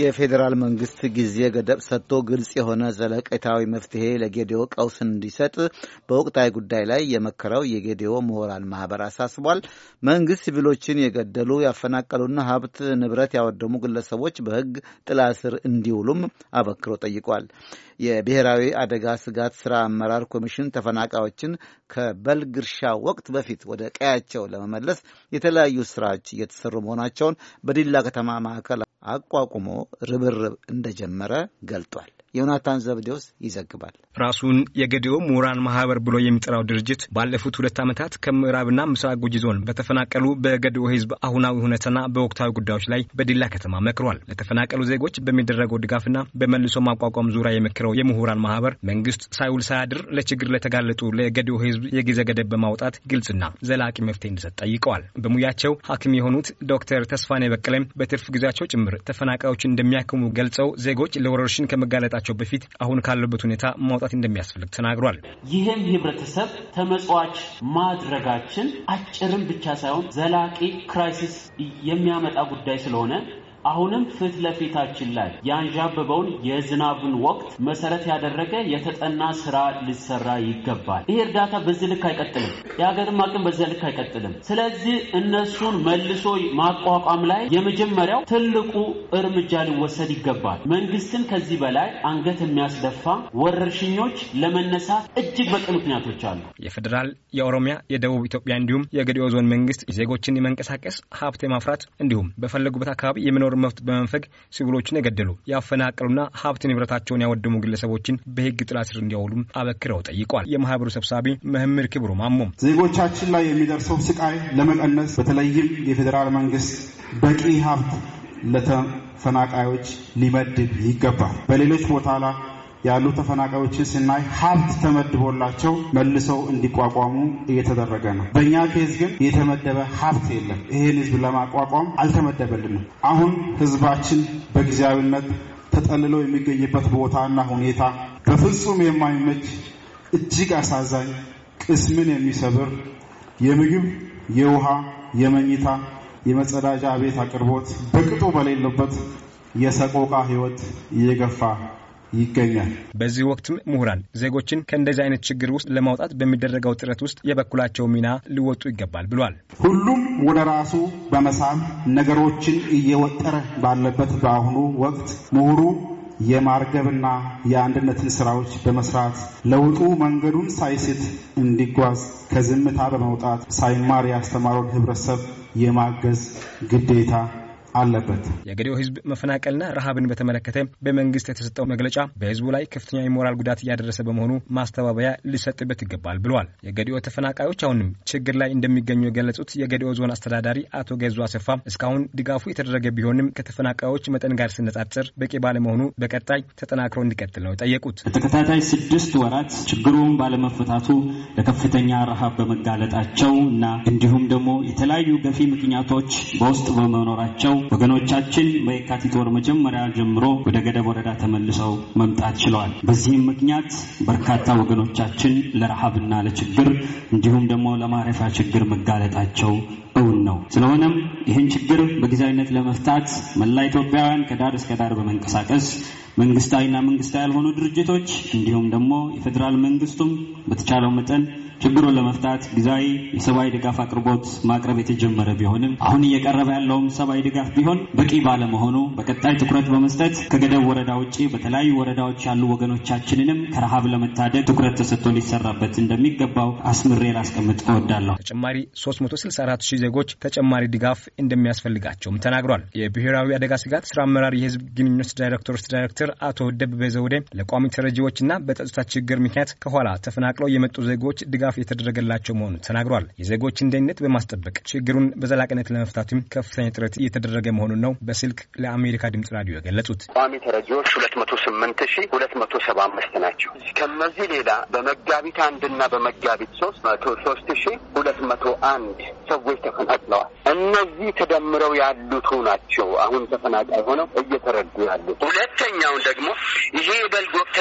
የፌዴራል መንግስት ጊዜ ገደብ ሰጥቶ ግልጽ የሆነ ዘለቄታዊ መፍትሄ ለጌዲዮ ቀውስ እንዲሰጥ በወቅታዊ ጉዳይ ላይ የመከረው የጌዲዮ ምሁራን ማህበር አሳስቧል። መንግስት ሲቪሎችን የገደሉ ያፈናቀሉና ሀብት ንብረት ያወደሙ ግለሰቦች በህግ ጥላ ስር እንዲውሉም አበክሮ ጠይቋል። የብሔራዊ አደጋ ስጋት ስራ አመራር ኮሚሽን ተፈናቃዮችን ከበልግ እርሻ ወቅት በፊት ወደ ቀያቸው ለመመለስ የተለያዩ ስራዎች እየተሰሩ መሆናቸውን በዲላ ከተማ ማዕከል አቋቁሞ ርብርብ እንደጀመረ ገልጧል። ዮናታን ዘብዴዎስ ይዘግባል። ራሱን የገዲኦ ምሁራን ማህበር ብሎ የሚጠራው ድርጅት ባለፉት ሁለት ዓመታት ከምዕራብና ምስራቅ ጉጂ ዞን በተፈናቀሉ በገዲኦ ህዝብ አሁናዊ ሁነትና በወቅታዊ ጉዳዮች ላይ በዲላ ከተማ መክሯል። ለተፈናቀሉ ዜጎች በሚደረገው ድጋፍና በመልሶ ማቋቋም ዙሪያ የመክረው የምሁራን ማህበር መንግስት ሳይውል ሳያድር ለችግር ለተጋለጡ ለገዲኦ ህዝብ የጊዜ ገደብ በማውጣት ግልጽና ዘላቂ መፍትሄ እንዲሰጥ ጠይቀዋል። በሙያቸው ሐኪም የሆኑት ዶክተር ተስፋኔ በቀለም በትርፍ ጊዜያቸው ጭምር ተፈናቃዮች እንደሚያክሙ ገልጸው ዜጎች ለወረርሽን ከመጋለጣ ከመውጣታቸው በፊት አሁን ካለበት ሁኔታ ማውጣት እንደሚያስፈልግ ተናግሯል። ይህን ህብረተሰብ ተመጽዋች ማድረጋችን አጭርም ብቻ ሳይሆን ዘላቂ ክራይሲስ የሚያመጣ ጉዳይ ስለሆነ አሁንም ፊት ለፊታችን ላይ ያንዣበበውን የዝናብን ወቅት መሰረት ያደረገ የተጠና ስራ ሊሰራ ይገባል። ይህ እርዳታ በዚህ ልክ አይቀጥልም። የሀገርም አቅም በዚህ ልክ አይቀጥልም። ስለዚህ እነሱን መልሶ ማቋቋም ላይ የመጀመሪያው ትልቁ እርምጃ ሊወሰድ ይገባል። መንግስትን ከዚህ በላይ አንገት የሚያስደፋ ወረርሽኞች ለመነሳት እጅግ በቂ ምክንያቶች አሉ። የፌዴራል፣ የኦሮሚያ፣ የደቡብ ኢትዮጵያ እንዲሁም የገዲኦ ዞን መንግስት ዜጎችን የመንቀሳቀስ ሀብት የማፍራት እንዲሁም በፈለጉበት አካባቢ የመኖ የመኖር መብት በመንፈግ ሲቪሎችን የገደሉ ያፈናቀሉና ሀብት ንብረታቸውን ያወደሙ ግለሰቦችን በህግ ጥላ ስር እንዲያውሉም አበክረው ጠይቋል። የማህበሩ ሰብሳቢ መህምር ክብሩ ማሞም ዜጎቻችን ላይ የሚደርሰው ስቃይ ለመቀነስ በተለይም የፌዴራል መንግስት በቂ ሀብት ለተፈናቃዮች ሊመድብ ይገባል። በሌሎች ቦታ ያሉ ተፈናቃዮችን ስናይ ሀብት ተመድቦላቸው መልሰው እንዲቋቋሙ እየተደረገ ነው። በእኛ ኬዝ ግን የተመደበ ሀብት የለም። ይህን ህዝብ ለማቋቋም አልተመደበልንም። አሁን ህዝባችን በጊዜያዊነት ተጠልለው የሚገኝበት ቦታና ሁኔታ በፍጹም የማይመች እጅግ አሳዛኝ፣ ቅስምን የሚሰብር የምግብ የውሃ የመኝታ የመጸዳጃ ቤት አቅርቦት በቅጡ በሌለበት የሰቆቃ ህይወት እየገፋ ይገኛል። በዚህ ወቅትም ምሁራን ዜጎችን ከእንደዚህ አይነት ችግር ውስጥ ለማውጣት በሚደረገው ጥረት ውስጥ የበኩላቸው ሚና ሊወጡ ይገባል ብሏል። ሁሉም ወደ ራሱ በመሳብ ነገሮችን እየወጠረ ባለበት በአሁኑ ወቅት ምሁሩ የማርገብና የአንድነትን ስራዎች በመስራት ለውጡ መንገዱን ሳይስት እንዲጓዝ ከዝምታ በመውጣት ሳይማር ያስተማረውን ህብረተሰብ የማገዝ ግዴታ አለበት። የገዲኦ ህዝብ መፈናቀልና ረሃብን በተመለከተ በመንግስት የተሰጠው መግለጫ በህዝቡ ላይ ከፍተኛ የሞራል ጉዳት እያደረሰ በመሆኑ ማስተባበያ ሊሰጥበት ይገባል ብለዋል። የገዲዮ ተፈናቃዮች አሁንም ችግር ላይ እንደሚገኙ የገለጹት የገዲዮ ዞን አስተዳዳሪ አቶ ገዙ አሰፋ እስካሁን ድጋፉ የተደረገ ቢሆንም ከተፈናቃዮች መጠን ጋር ሲነጻጸር በቂ ባለመሆኑ በቀጣይ ተጠናክሮ እንዲቀጥል ነው የጠየቁት። በተከታታይ ስድስት ወራት ችግሩን ባለመፈታቱ ለከፍተኛ ረሃብ በመጋለጣቸው እና እንዲሁም ደግሞ የተለያዩ ገፊ ምክንያቶች በውስጥ በመኖራቸው ወገኖቻችን በየካቲት ወር መጀመሪያ ጀምሮ ወደ ገደብ ወረዳ ተመልሰው መምጣት ችለዋል። በዚህም ምክንያት በርካታ ወገኖቻችን ለረሃብና ለችግር እንዲሁም ደግሞ ለማረፊያ ችግር መጋለጣቸው እውን ነው። ስለሆነም ይህን ችግር በጊዜያዊነት ለመፍታት መላ ኢትዮጵያውያን ከዳር እስከ ዳር በመንቀሳቀስ መንግስታዊና መንግስታዊ ያልሆኑ ድርጅቶች እንዲሁም ደግሞ የፌዴራል መንግስቱም በተቻለው መጠን ችግሩን ለመፍታት ጊዜያዊ የሰብአዊ ድጋፍ አቅርቦት ማቅረብ የተጀመረ ቢሆንም አሁን እየቀረበ ያለውም ሰብአዊ ድጋፍ ቢሆን በቂ ባለመሆኑ በቀጣይ ትኩረት በመስጠት ከገደብ ወረዳ ውጭ በተለያዩ ወረዳዎች ያሉ ወገኖቻችንንም ከረሃብ ለመታደግ ትኩረት ተሰጥቶ ሊሰራበት እንደሚገባው አስምሬ ላስቀምጥ እወዳለሁ። ተጨማሪ 364 ሺህ ዜጎች ተጨማሪ ድጋፍ እንደሚያስፈልጋቸውም ተናግሯል። የብሔራዊ አደጋ ስጋት ስራ አመራር የህዝብ ግንኙነት ዳይሬክቶሬት ዳይሬክተር አቶ ደበበ ዘውዴ ለቋሚ ተረጂዎችና በጸጥታ ችግር ምክንያት ከኋላ ተፈናቅለው የመጡ ዜጎች ድጋፍ ድጋፍ የተደረገላቸው መሆኑን ተናግሯል። የዜጎችን ደህንነት በማስጠበቅ ችግሩን በዘላቂነት ለመፍታትም ከፍተኛ ጥረት እየተደረገ መሆኑን ነው በስልክ ለአሜሪካ ድምጽ ራዲዮ የገለጹት። ቋሚ ተረጂዎች ሁለት መቶ ስምንት ሺ ሁለት መቶ ሰባ አምስት ናቸው። ከነዚህ ሌላ በመጋቢት አንድና በመጋቢት ሶስት መቶ ሶስት ሺ ሁለት መቶ አንድ ሰዎች ተፈናቅለዋል። እነዚህ ተደምረው ያሉቱ ናቸው። አሁን ተፈናቃይ ሆነው እየተረዱ ያሉት። ሁለተኛውን ደግሞ ይሄ የበልግ ወቅት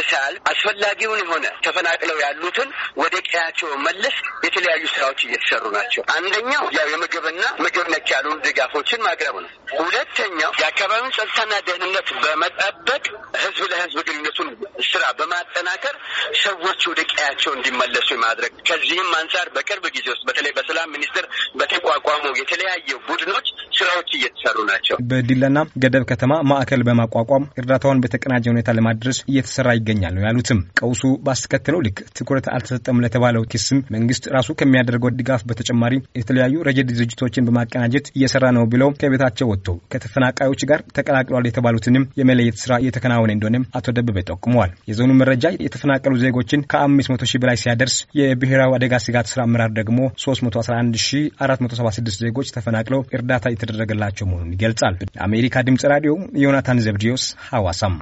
አስፈላጊውን የሆነ ተፈናቅለው ያሉትን ወደ ቀያቸው መለስ የተለያዩ ስራዎች እየተሰሩ ናቸው። አንደኛው ያው የምግብና ምግብ ነክ ድጋፎችን ማቅረብ ነው። ሁለተኛው የአካባቢውን ጸጥታና ደህንነት በመጠበቅ ህዝብ ለህዝብ ግንኙነቱን ስራ በማጠናከር ሰዎች ወደ ቀያቸው እንዲመለሱ ማድረግ። ከዚህም አንጻር በቅርብ ጊዜ ውስጥ በተለይ በሰላም ሚኒስቴር በተቋቋሙ የተለያዩ ቡድኖች ስራዎች እየተሰሩ ናቸው። በዲላና ገደብ ከተማ ማዕከል በማቋቋም እርዳታውን በተቀናጀ ሁኔታ ለማድረስ እየተሰራ ይገኛል ነው ያሉትም። ቀውሱ ባስከተለው ልክ ትኩረት አልተሰጠም ለተባለው ኪስ ስም መንግስት ራሱ ከሚያደርገው ድጋፍ በተጨማሪ የተለያዩ ረጀድ ድርጅቶችን በማቀናጀት እየሰራ ነው ብለው ከቤታቸው ወጥቶ ከተፈናቃዮች ጋር ተቀላቅለዋል የተባሉትንም የመለየት ስራ እየተከናወነ እንደሆነም አቶ ደበበ ጠቁመዋል። የዞኑ መረጃ የተፈናቀሉ ዜጎችን ከ መቶ ሺህ በላይ ሲያደርስ የብሔራዊ አደጋ ስጋት ስራ አመራር ደግሞ 311476 ዜጎች ተፈናቅለው እርዳታ የተደረገላቸው መሆኑን ይገልጻል። ለአሜሪካ ድምጽ ራዲዮ ዮናታን ዘብዲዮስ ሐዋሳም